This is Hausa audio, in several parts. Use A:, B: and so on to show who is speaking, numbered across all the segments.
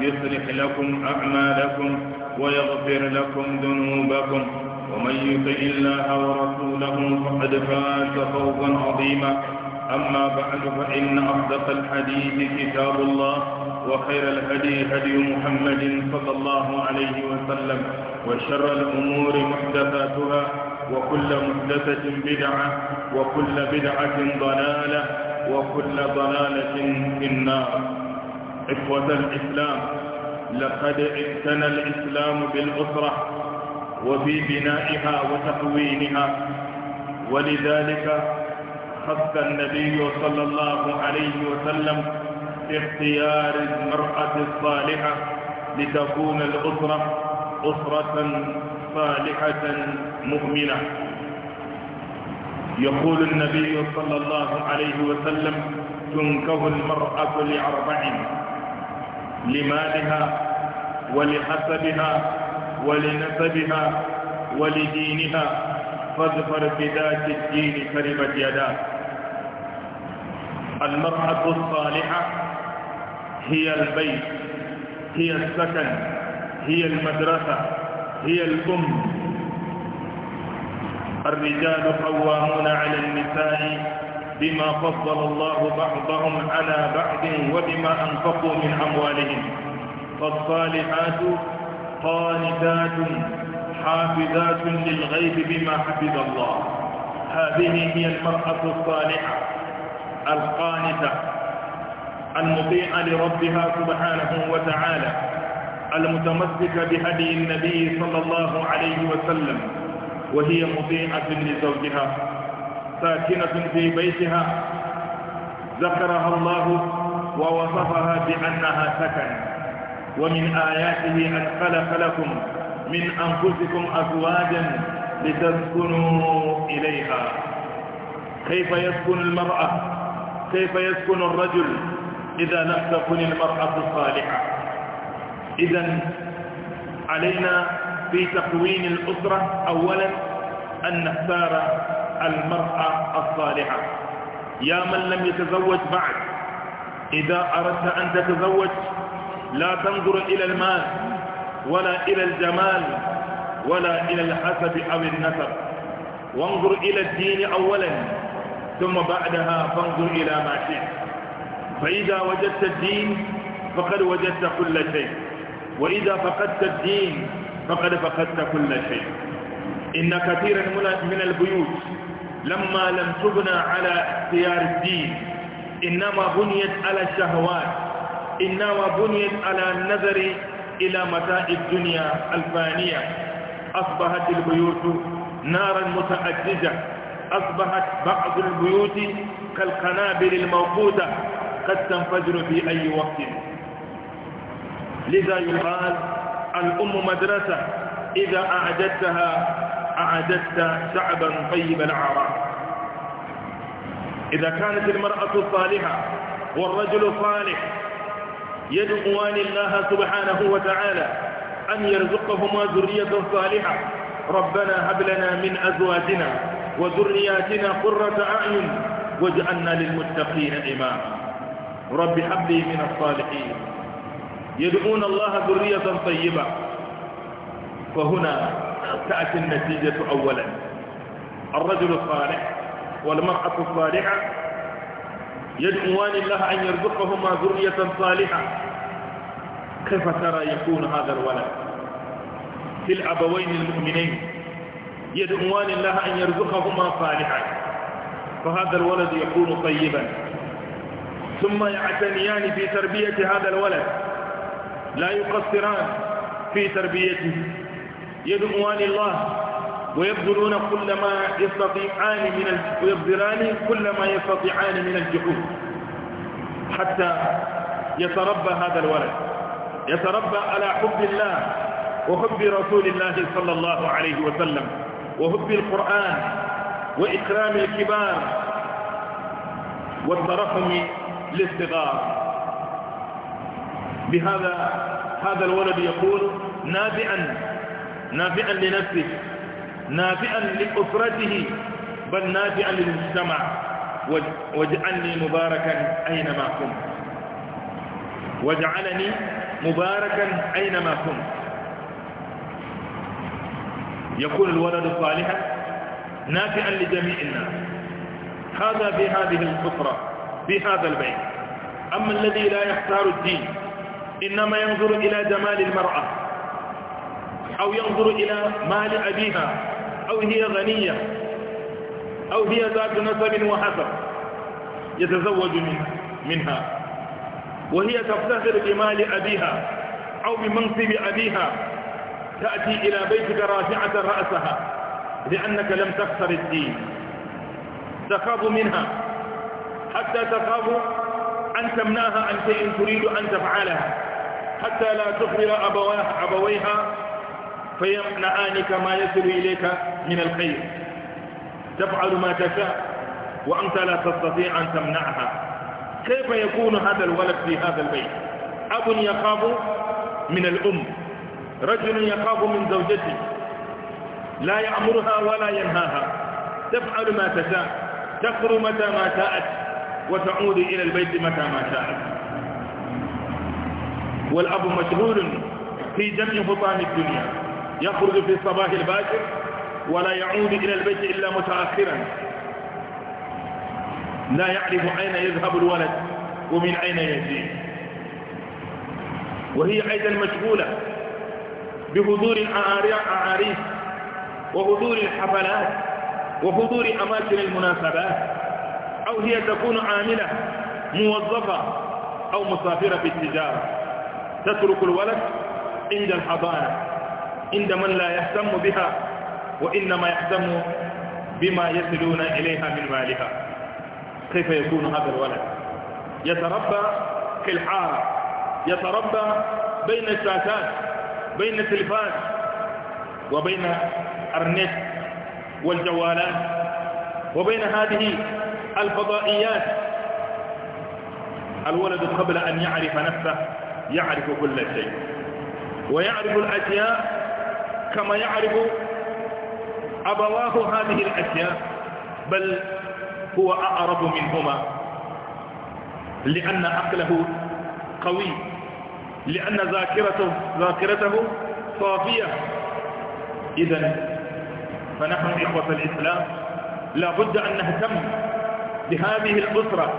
A: يصلح لكم أعمالكم ويغفر لكم ذنوبكم ومن يطع الله ورسوله فقد فاز فوزا عظيما أما بعد فإن أصدق الحديث كتاب الله وخير الهدي هدي محمد صلى الله عليه وسلم وشر الأمور محدثاتها وكل محدثة بدعة وكل بدعة ضلالة وكل ضلالة في النار إخوة الإسلام لقد اعتنى الإسلام بالأسرة وفي بنائها وتقوينها ولذلك خص النبي صلى الله عليه وسلم اختيار المرأة الصالحة لتكون الأسرة أسرة صالحة مؤمنة يقول النبي صلى الله عليه وسلم تنكه المرأة لأربعين لمالها ولحسبها ولنسبها ولدينها فاظفر بذات الدين خربت يداك المرأة الصالحة هي البيت هي السكن هي المدرسة هي الأم الرجال قوامون على النساء بما فضل الله بعضهم على بعض وبما أنفقوا من أموالهم فالصالحات قانتات حافظات للغيب بما حفظ الله هذه هي المرأة الصالحة القانتة المطيعة لربها سبحانه وتعالى المتمسكة بهدي النبي صلى الله عليه وسلم وهي مطيعة لزوجها ساكنة في بيتها ذكرها الله ووصفها بأنها سكن ومن آياته أن خلق لكم من أنفسكم أزواجا لتسكنوا إليها كيف يسكن المرأة كيف يسكن الرجل إذا لم تكن المرأة الصالحة إذا علينا في تكوين الأسرة أولا أن نختار المرأة الصالحة يا من لم يتزوج بعد إذا أردت أن تتزوج لا تنظر إلى المال ولا إلى الجمال ولا إلى الحسب أو النسب وانظر إلى الدين أولا ثم بعدها فانظر إلى ما شئت فإذا وجدت الدين فقد وجدت كل شيء وإذا فقدت الدين فقد فقدت كل شيء إن كثيرا من البيوت لما لم تبنى على اختيار الدين إنما بنيت على الشهوات إنما بنيت على النظر إلى متاع الدنيا الفانية أصبحت البيوت نارا متأججة أصبحت بعض البيوت كالقنابل الموقوتة قد تنفجر في أي وقت لذا يقال الأم مدرسة إذا أعددتها أعددت شعبا طيب العرب إذا كانت المرأة صالحة والرجل صالح يدعوان الله سبحانه وتعالى أن يرزقهما ذرية صالحة ربنا هب لنا من أزواجنا وذرياتنا قرة أعين واجعلنا للمتقين إماما رب هب لي من الصالحين يدعون الله ذرية طيبة فهنا تأتي النتيجة أولا الرجل الصالح والمرأة الصالحة يدعوان الله أن يرزقهما ذرية صالحة كيف ترى يكون هذا الولد في الأبوين المؤمنين يدعوان الله أن يرزقهما صالحا فهذا الولد يكون طيبا ثم يعتنيان في تربية هذا الولد لا يقصران في تربيته يدعوان الله ويبذلون كل ما يستطيعان من ويبذلان كل ما يستطيعان من الجهود حتى يتربى هذا الولد يتربى على حب الله وحب رسول الله صلى الله عليه وسلم وحب القرآن وإكرام الكبار والترحم للصغار بهذا هذا الولد يقول نافعا نافعا لنفسه نافعا لأسرته بل نافعا للمجتمع واجعلني مباركا أينما كنت واجعلني مباركا أينما كنت يكون الولد صالحا نافعا لجميع الناس هذا في هذه الأسرة في هذا البيت أما الذي لا يختار الدين إنما ينظر إلى جمال المرأة أو ينظر إلى مال أبيها أو هي غنية أو هي ذات نسب وحسب يتزوج منها وهي تفتخر بمال أبيها أو بمنصب أبيها تأتي إلى بيتك رافعة رأسها لأنك لم تخسر الدين تخاف منها حتى تخاف أن تمنعها عن شيء تريد أن تفعلها حتى لا تخبر أبويها فيمنعانك ما يصل إليك من الخير تفعل ما تشاء وأنت لا تستطيع أن تمنعها كيف يكون هذا الولد في هذا البيت أب يخاف من الأم رجل يخاف من زوجته لا يأمرها ولا ينهاها تفعل ما تشاء تخر متى ما شاءت وتعود إلى البيت متى ما شاءت والأب مشغول في جمع بطان الدنيا يخرج في الصباح الباكر ولا يعود إلى البيت إلا متأخرا لا يعرف أين يذهب الولد ومن أين يجي وهي أيضا مشغولة بحضور الأعاريس وحضور الحفلات وحضور أماكن المناسبات أو هي تكون عاملة موظفة أو مسافرة في التجارة تترك الولد عند الحضانة عند من لا يهتم بها وإنما يهتم بما يصلون إليها من مالها كيف يكون هذا الولد يتربى في الحارة يتربى بين الشاشات بين التلفاز وبين أرنت والجوالات وبين هذه الفضائيات الولد قبل أن يعرف نفسه يعرف كل شيء ويعرف الأشياء كما يعرف أبواه هذه الأشياء بل هو أقرب منهما لأن عقله قوي لأن ذاكرته ذاكرته صافية إذا فنحن إخوة الإسلام لا بد أن نهتم بهذه الأسرة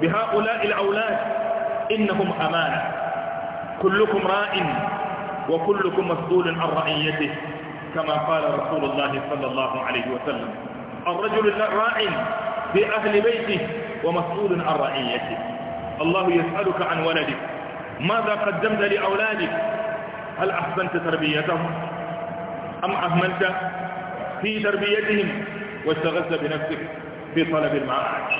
A: بهؤلاء الأولاد إنهم أمانة كلكم رائم وكلكم مسؤول عن رعيته كما قال رسول الله صلى الله عليه وسلم الرجل الراعي في أهل بيته ومسؤول عن رعيته الله يسألك عن ولدك ماذا قدمت لأولادك هل أحسنت تربيتهم أم أهملت في تربيتهم واشتغلت بنفسك في طلب المعاش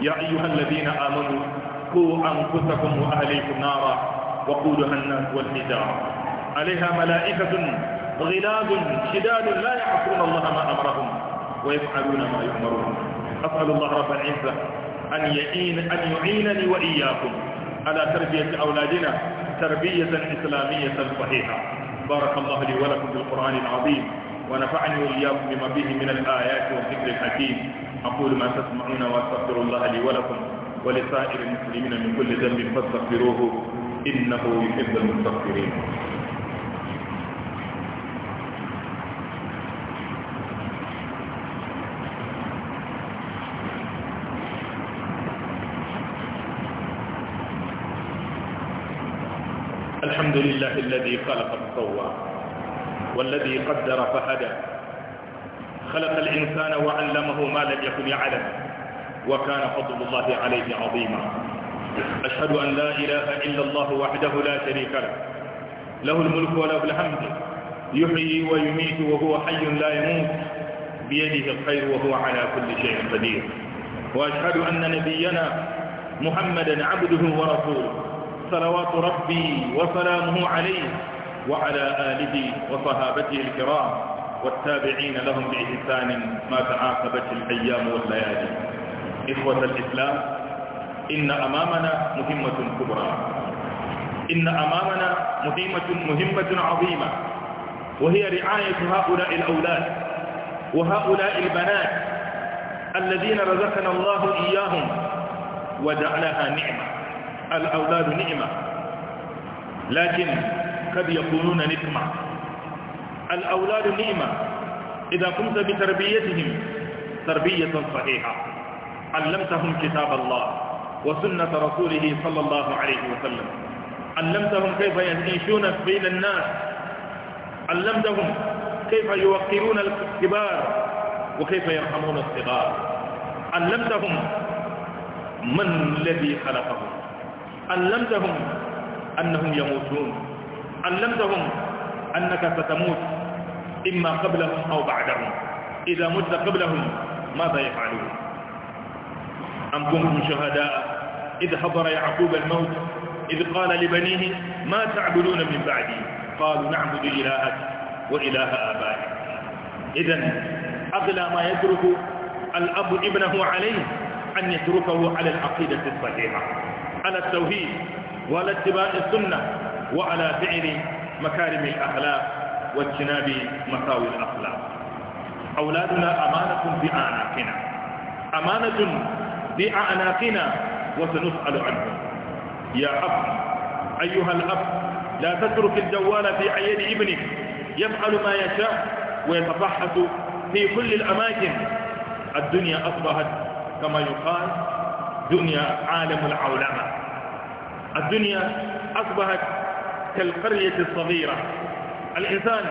A: يا أيها الذين آمنوا قوا أنفسكم وأهليكم نارا وقودها الناس والحجارة عليها ملائكة غلاب شداد لا يعصون الله ما أمرهم ويفعلون ما يؤمرون أسأل الله رب العزة أن, يعين أن يعينني وإياكم على تربية أولادنا تربية إسلامية صحيحة بارك الله لي ولكم بالقرآن العظيم ونفعني وإياكم بما فيه من الآيات والذكر الحكيم أقول ما تسمعون وأستغفر الله لي ولكم ولسائر المسلمين من كل ذنب فاستغفروه إنه يحب المستغفرين الحمد لله الذي خلق فسوى والذي قدر فهدى خلق الإنسان وعلمه ما لم يكن يعلم وكان فضل الله عليه عظيما أشهد أن لا إله إلا الله وحده لا شريك له له الملك وله الحمد يحيي ويميت وهو حي لا يموت بيده الخير وهو على كل شيء قدير وأشهد أن نبينا محمدا عبده ورسوله صلوات ربي وسلامه عليه وعلى آله وصحابته الكرام والتابعين لهم بإحسان ما تعاقبت الأيام والليالي إخوة الإسلام إن أمامنا مهمة كبرى إن أمامنا مهمة, مهمة عظيمة وهي رعاية هؤلاء الأولاد وهؤلاء البنات الذين رزقنا الله إياهم وجعلها نعمة الأولاد نعمة لكن قد يكونون نقمة الأولاد نعمة إذا قمت بتربيتهم تربية صحيحة علمتهم كتاب الله وسنة رسوله صلى الله عليه وسلم علمتهم كيف يعيشون بين الناس علمتهم كيف يوقرون الكبار وكيف يرحمون الصغار علمتهم من الذي خلقهم علمتهم أنهم يموتون علمتهم أنك ستموت إما قبلهم أو بعدهم إذا مت قبلهم ماذا يفعلون أم كنتم شهداء إذ حضر يعقوب الموت إذ قال لبنيه ما تعبدون من بعدي قالوا نعبد إلهك وإله آبائك إذا أغلى ما يترك الأب ابنه عليه أن يتركه على العقيدة الصحيحة على التوحيد وعلى اتباع السنة وعلى فعل مكارم الأخلاق واجتناب مساوي الأخلاق أولادنا أمانة بأعناقنا أمانة بأعناقنا وسنسأل عنه يا أب أيها الأب لا تترك الجوال في عين ابنك يفعل ما يشاء ويتبحث في كل الأماكن الدنيا أصبحت كما يقال دنيا عالم العولمة الدنيا أصبحت كالقرية الصغيرة الإنسان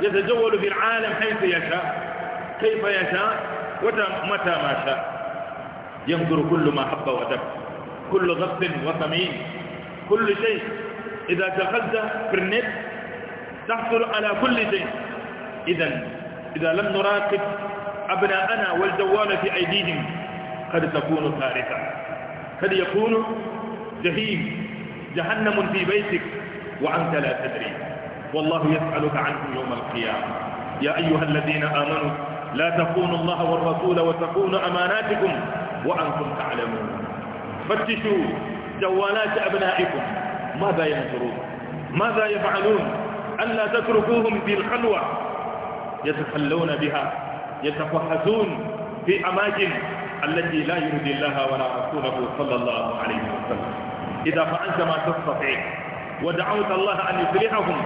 A: يتجول في العالم حيث يشاء كيف يشاء ومتى ما شاء ينظر كل ما حب ودب كل ضبط وثمين كل شيء إذا دخلت في النت تحصل على كل شيء إذا إذا لم نراقب أبناءنا والجوال في أيديهم قد تكون كارثة قد يكون جهيم جهنم في بيتك وأنت لا تدري والله يسألك عنه يوم القيامة يا أيها الذين آمنوا لا تخونوا الله والرسول وتكونوا أماناتكم وأنتم تعلمون فتشوا جوالات أبنائكم ماذا ينظرون ماذا يفعلون ألا تتركوهم في الخلوة يتخلون بها يتفحصون في أماكن التي لا يرضي الله ولا رسوله صلى الله عليه وسلم إذا فعلت ما تستطيع ودعوت الله أن يصلحهم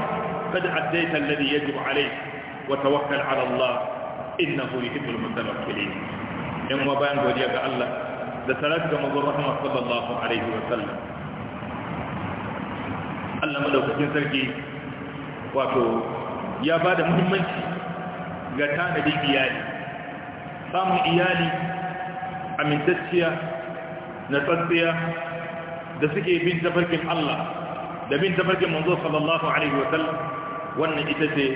A: قد أديت الذي يجب عليك وتوكل على الله إنه يحب المتوكلين إن وبان وديك الله da tarar da mazun rahama sallallahu alaihi wa sallam Allah madaukakin sarki wato ya ba da muhimmanci ga tanadin iyali samun iyali amintacciya na tsatsiya da suke bin tafarkin Allah da bin tafarkin manzo sallallahu alaihi wa sallam wannan ita ce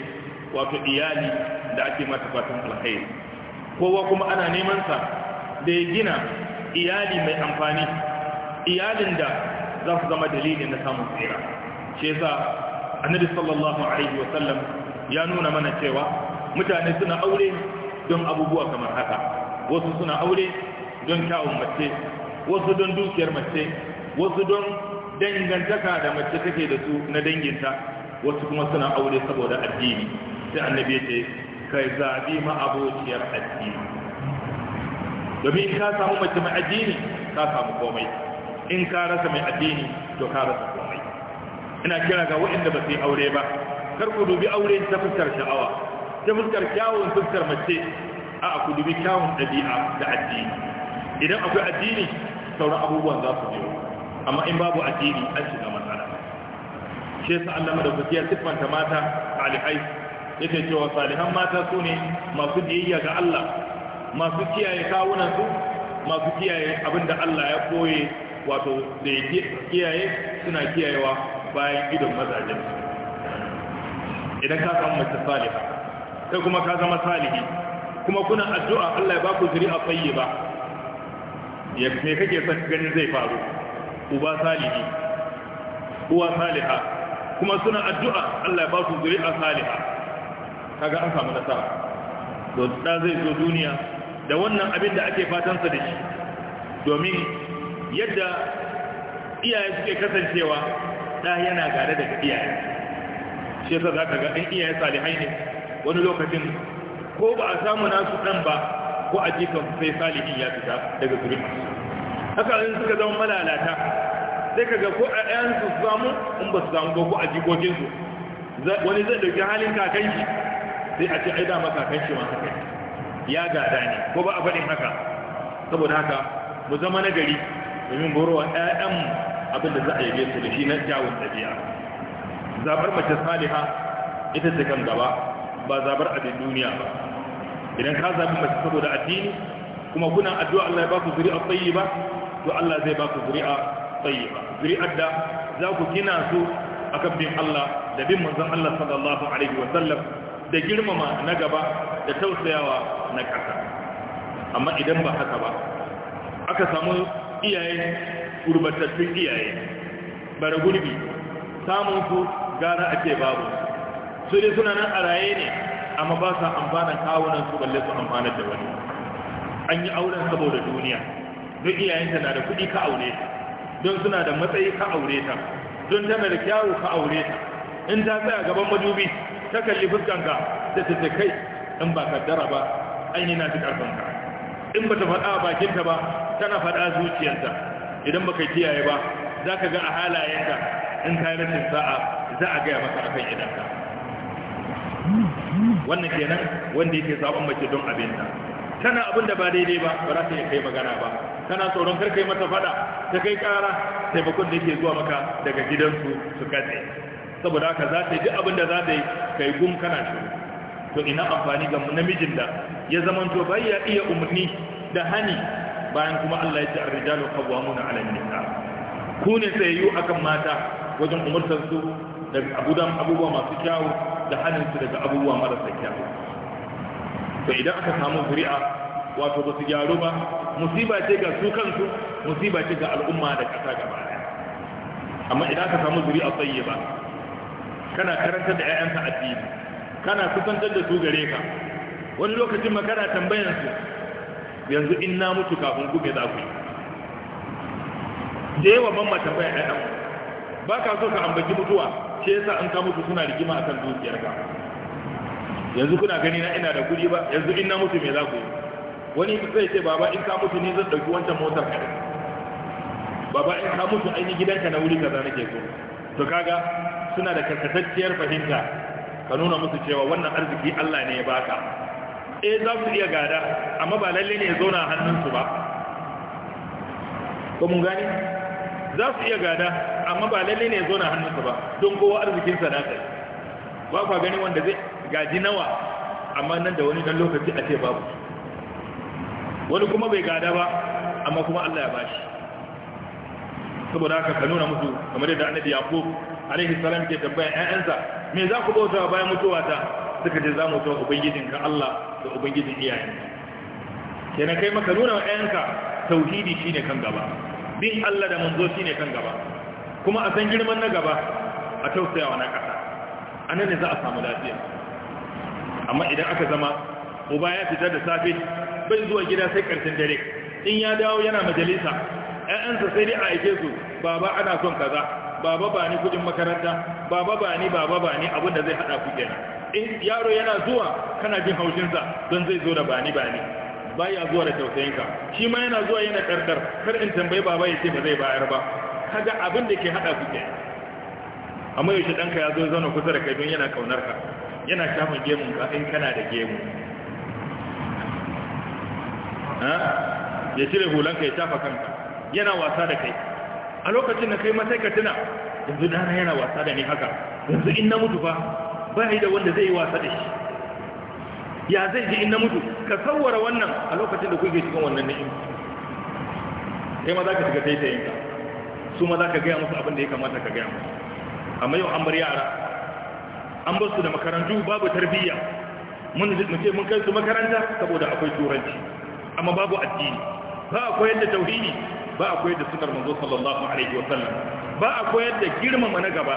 A: wato iyali da ake mata fatan alkhairi kowa kuma ana neman sa da ya gina iyali mai amfani iyalin da za su zama dalilin na samun tsira shi yasa annabi sallallahu alaihi wa sallam ya nuna mana cewa mutane suna aure don abubuwa kamar haka wasu suna aure don kyawun mace wasu don dukiyar mace wasu don dangantaka da mace take da su na danginta wasu kuma suna aure saboda addini sai annabi ya ce kai zabi ma abociyar addini domin in ka samu mace mai addini ka samu komai in ka rasa mai addini to ka rasa komai ina kira ga waɗanda ba su yi aure ba kar ku dubi aure ta fuskar sha'awa ta fuskar kyawun fuskar mace a ku dubi kyawun ɗabi'a da addini idan akwai addini sauran abubuwan za su biyo amma in babu addini an shiga matsala shi yasa Allah madaukaki ya siffanta mata salihai yake cewa salihan mata su ne masu biyayya ga Allah masu kiyaye kawunansu masu kiyaye abinda Allah ya koye wato da ya kiyaye suna kiyayewa bayan gidan mazajen idan ka samu mace saliha kai kuma ka zama salihi kuma kuna addu'a Allah ya ba ku zuri'a tayyiba ya me kake son ganin zai faru uba salihi uwa saliha kuma suna addu'a Allah ya ba su zuri'a saliha kaga an samu nasara don da zai zo duniya da wannan abin da ake fatansa da shi domin yadda iyaye suke kasancewa ɗa yana gare da iyaye shi yasa za ka ga ɗan iyaye salihai ne wani lokacin ko ba a samu nasu ɗan ba ko a jikan sai salihin ya fita daga zuri haka in suka zama malalata sai ka ga ko a ɗayansu su samu in ba su samu ba ko a jikokinsu wani zai ɗauki halin kakanki sai a ce ai dama kakanki ma kakanki ya gada ne ko ba a faɗin haka saboda haka mu zama nagari domin borowa ƴaƴan abin da za a yabe su da shi na kyawun ɗabi'a zabar mace saliha ita ce kan gaba ba zabar abin duniya ba idan ka zabi mace saboda addini kuma kuna addu'a Allah ya ba ku zuri'a ba to Allah zai ba ku zuri'a ba zuri'ar da za ku gina su akan bin Allah da bin manzon Allah sallallahu alaihi wa sallam da girmama na gaba da tausayawa na ƙasa amma idan ba haka ba aka samu iyaye gurbatattun iyaye bara gurbi samun su gara ake babu su dai suna nan a raye ne amma ba sa amfanin kawunan su balle su amfanar da wani an yi auren saboda duniya don iyayenta na da kuɗi ka aure ta don suna da matsayi ka aure ta don tana da kyawu ka aure ta in ta tsaya gaban madubi ta kalli fuskanka ta ce kai in ba kaddara ba aini na fi karfanka in ba ta faɗa a bakinta ba tana faɗa zuciyarta idan ba kai kiyaye ba za ka ga a halayenka in ka rashin sa'a za a gaya maka akan idanka wannan kenan wanda yake sabon mace don abinta tana abin da ba daidai ba ba za ta iya kai magana ba kana tsoron karka yi mata fada ta kai kara taimakon da yake zuwa maka daga gidansu su katse saboda haka za ta yi duk abin da za ta yi kai gum kana shi to ina amfani ga namijin da ya zamanto bai ya iya umarni da hani bayan kuma Allah ya ce ar-rijalu qawwamuna 'ala an-nisa ku ne tsayayyu akan mata wajen umurtar su daga abudan abubuwa masu kyawu da hanin su daga abubuwa marasa kyawu to idan aka samu zuri'a wato ba su gyaru ba musiba ce ga su kansu musiba ce ga al'umma da ƙasa gaba amma idan ka samu zuri a tsaye ba kana karantar da 'ya'yanka fili kana kusantar da su gare ka wani lokacin ma kana tambayan su yanzu in na mutu kafin ku me za ku yi da yawa ban ma tambayan 'ya'yan ba ka so ka ambaci mutuwa shi yasa an ka mutu suna rigima kan dukiyarka yanzu kuna gani na ina da kuɗi ba yanzu in na mutu me za ku yi wani zai ce baba in ka mutu ni zan dauki wancan motar ka baba in ka mutu ai gidanka na wuri kaza nake so to kaga suna da karkatacciyar fahimta ka nuna musu cewa wannan arziki Allah ne ya baka eh za su iya gada amma ba lalle ne ya zauna a hannunsu ba ko mun gani za su iya gada amma ba lalle ne ya zauna a hannunsu ba don kowa arzikin sa kai ba kwa gani wanda zai gaji nawa amma nan da wani dan lokaci a ce babu wani kuma bai gada ba amma kuma Allah ya bashi saboda haka ka nuna musu kamar yadda annabi yaqub alaihi salam ke tambaya ƴaƴansa me za ku bauta bayan mutuwa ta suka ce za mu bauta ubangijin ka Allah da ubangijin iyayen kenan kai maka nuna wa ƴaƴanka tauhidi shine kan gaba bin Allah da manzo shine kan gaba kuma a san girman na gaba a tausaya wa na ƙasa anan ne za a samu lafiya amma idan aka zama uba ya fitar da safe bai zuwa gida sai karshen dare in ya dawo yana majalisa ƴaƴansa sai dai a aike su baba ana son kaza baba ba ni kudin makaranta baba ba ni baba ba ni abinda zai hada ku kenan in yaro yana zuwa kana jin haushinsa don zai zo da bani bani baya zuwa da tausayinka shi ma yana zuwa yana karkar kar in tambayi baba ya ce ba zai bayar ba kaga abin da ke haɗa ku kenan amma yaushe ɗanka ya zo zauna kusa da kai don yana kaunar ka yana shafin gemun ka in kana da gemu ya cire hulanka ya tafa kanka yana wasa da kai a lokacin da kai masai ka tuna yanzu dana yana wasa da ni haka yanzu in na mutu ba ba yi da wanda zai yi wasa da shi ya zai ji in na mutu ka sauwara wannan a lokacin da kuke cikin wannan ni'im kai ma za ka shiga taitayinka su ma za ka gaya musu abin da ya kamata ka gaya musu amma yau an bar yara an bar su da makarantu babu tarbiyya mun ce mun kai su makaranta saboda akwai turanci amma babu addini ba a koyar da tauhidi ba a koyar da sunar manzo sallallahu alaihi wasallam ba a koyar da girmama na gaba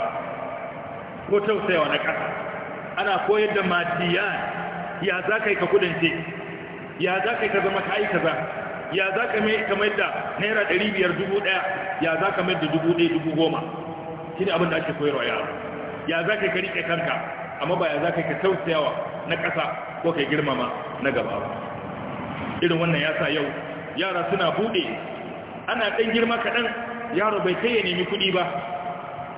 A: ko tausayawa na ƙasa ana koyar da matiyan. ya za ka yi ka kudance ya za ka yi ka zama ka kaza ya za ka mai da naira ɗari biyar dubu ɗaya ya za ka mai da dubu ɗaya dubu goma shi ne abin da ake koyarwa ya ya za ka yi ka riƙe kanka amma ba ya za ka yi ka tausayawa na ƙasa ko ka girmama na gaba ba irin wannan ya sa yau yara suna bude. ana ɗan girma kaɗan yaro bai kai ya nemi kuɗi ba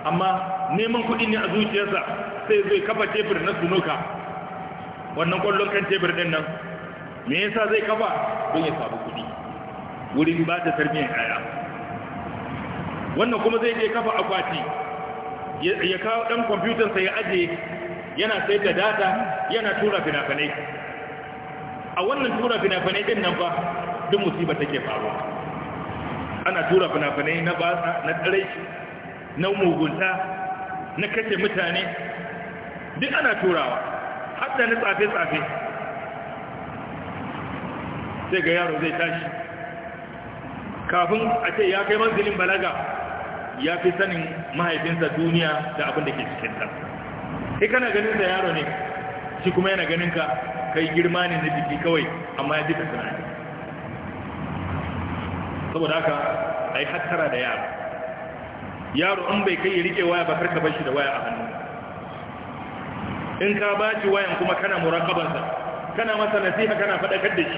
A: amma neman kuɗi ne a zuciyarsa sai zai kafa tebur na sunuka wannan ƙwallon kan tebur ɗin nan me yasa zai kafa don ya samu kuɗi wurin ba da tarbiyyar kaya wannan kuma zai je kafa akwati ya kawo ɗan kwamfutarsa ya ajiye yana sai da data yana tura fina-finai a wannan tura fina-finai din nan ba duk musibar take faruwa ana tura fina-finai na batsa na tsirai na mugunta na kashe mutane duk ana turawa hatta na tsafe-tsafe sai ga yaro zai tashi kafin a ce ya kai manzilin balaga ya fi sanin mahaifinsa duniya da abin da ke cikinta sai kana ganin da yaro ne shi kuma yana ganin ka kai girma ne na jiki kawai amma ya jika ne saboda haka a yi hattara da yaro yaro an bai kai ya rike waya ba karka bashi shi da waya a hannu in ka ba shi wayan kuma kana murakabansa kana masa nasiha kana faɗakar da shi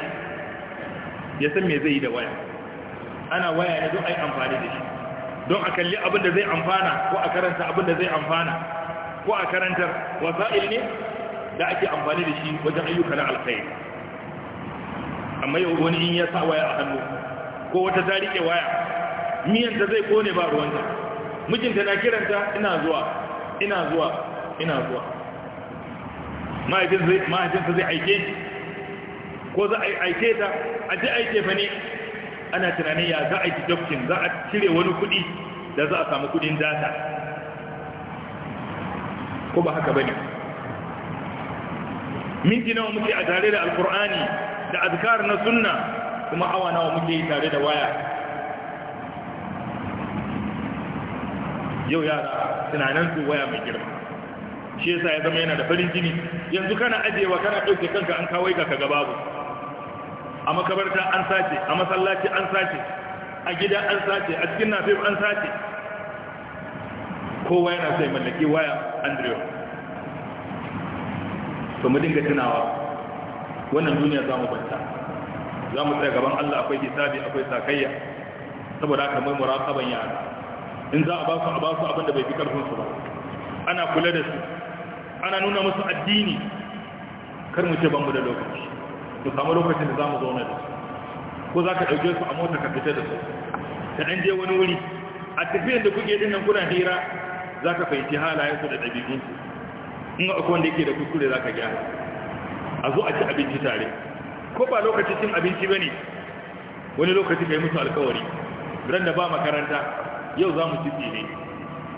A: ya san me zai yi da waya ana waya ne don a yi amfani da shi don a kalli abin da zai amfana ko a karanta abin da zai amfana ko a karantar wasa'il ne da ake amfani da shi wajen ayyuka na alkhairi amma yau wani in ya sa waya a hannu ko wata ta rike waya miyanta zai kone ba ruwanta mijinta na kiranta ina zuwa ina zuwa ina zuwa mahaifinsa zai aike ko za a aike ta a ji aike fa ne ana tunanin ya za a yi dokin za a cire wani kudi da za a samu kudin data ko ba haka ba ne minti nawa muke a tare da alkur'ani da azkar na sunna kuma awa nawa muke yi tare da waya yau yara tunanin su waya mai girma shi yasa ya zama yana da farin jini yanzu kana ajewa kana ɗauke kanka an kawai ka kaga babu a makabarta an sace a masallaci an sace a gida an sace a cikin nafif an sace kowa yana sai mallaki waya andrew to mu dinga tunawa wannan duniya za mu banta za mu tsaya gaban Allah akwai hisabi akwai sakayya saboda haka mai muraqaban yara in za a ba su a ba su abin da bai fi karfin ba ana kula da su ana nuna musu addini kar mu ce ban mu da lokaci mu samu lokacin da za mu zauna da su ko za ka ɗauke su a mota ka fita da su ka ɗan je wani wuri a tafiyar da kuke ɗin nan kuna hira za ka fahimci halayensu da ɗabi'unsu in akwai wanda yake da kuskure za ka gyara a zo a ci abinci tare ko ba lokacin cin abinci ba ne wani lokaci ka yi musu alkawari ran da ba makaranta yau za mu ci tsire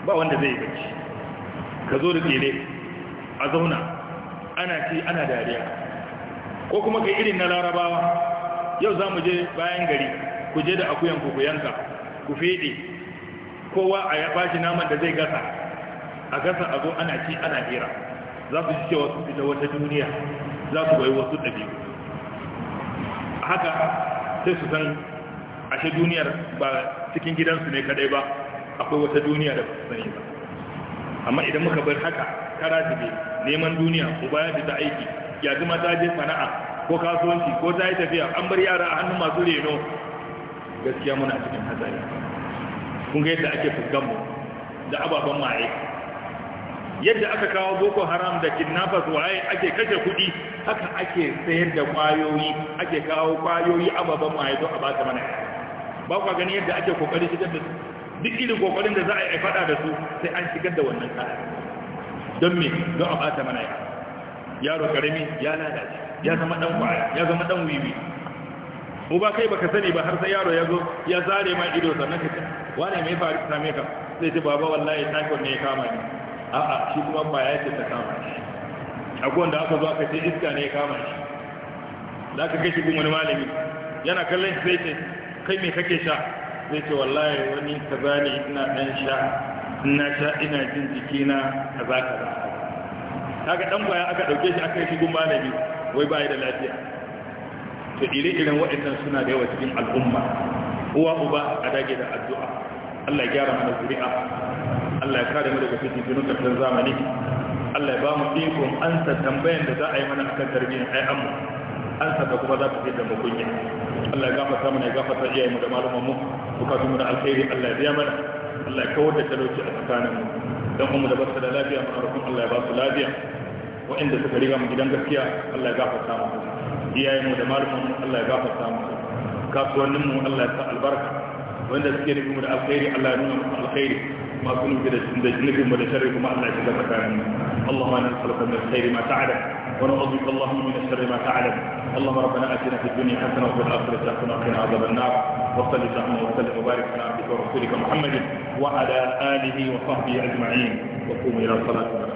A: ba wanda zai bacci ka zo da tsire a zauna ana ci ana dariya ko kuma kai irin na larabawa yau za mu je bayan gari ku je da akuyan ku yanka ku fede kowa a ya bashi naman da zai gasa a gasa a zo ana ci ana hira za su ji cewa sun fita wata duniya za su bai wasu ɗabi'u haka sai su san ashe duniyar ba cikin gidansu ne kadai ba akwai wata duniya da ba su sani ba amma idan muka bar haka kara ne neman duniya ko baya da ta aiki ya zama ta je sana'a ko kasuwanci ko ta yi tafiya an bar yara a hannun masu reno gaskiya muna cikin hatsari kun ga yadda ake fuskan mu da ababen ma'aikata yadda aka kawo boko haram da kidnappers waye ake kashe kuɗi haka ake sayar da kwayoyi ake kawo kwayoyi ababen maye don a baka mana ba kwa gani yadda ake kokarin shigar da duk irin kokarin da za a yi faɗa da su sai an shigar da wannan kaya don me don a baka ta mana yaro karami ya lalace ya zama dan kwaya ya zama dan wiwi mu ba kai baka sani ba har sai yaro ya zo ya zare ma ido sannan ka ce wane mai faru same ka sai ce baba wallahi typhoid ne ya kama ni a'a shi kuma kwaya ce ta kama shi akwai wanda aka zo aka ce iska ne ya kama shi za ka kashi kuma wani malami yana kallon shi sai ce kai me kake sha sai ce wallahi wani kaza ne ina ɗan sha ina sha ina jin ka za ka kaga dan kwaya aka dauke shi aka shi kuma malami wai ba da lafiya to ire-iren waɗannan suna da yawa cikin al'umma uwa uba a dage da addu'a Allah ya gyara mana zuri'a Allah ya kare mu daga fitinun karshen zamani Allah ya ba mu ikon ansa tambayan da za a yi mana akan tarbiyyar ayyan mu ansa da kuma za ta fitar da kunya Allah ya gafarta mana ya gafarta iyayen mu da malaman mu bukatun mu da alkhairi Allah ya biya mana Allah ya kawar da talauci a tsakanin mu dan mu da basu da lafiya mu arhum Allah ya ba su lafiya Wa wa'anda suka riga mu gidan gaskiya Allah ya gafarta mu iyayen mu da malaman mu Allah ya gafarta mu kasuwannin mu Allah ya sa albarka wanda suke nufi mu da alkhairi Allah ya nuna mu alkhairi ما كنوا كده جنبهم ولا شركم ألا يشكى فكانوا اللهم أنا نسألك من الخير ما تعلم ونعوذ بك اللهم من الشر ما تعلم اللهم ربنا آتنا في الدنيا حسنة وفي الآخرة حسنة وقنا عذاب النار وصل اللهم وسلم وبارك على عبدك ورسولك محمد وعلى آله وصحبه أجمعين وقوموا إلى الصلاة والسلام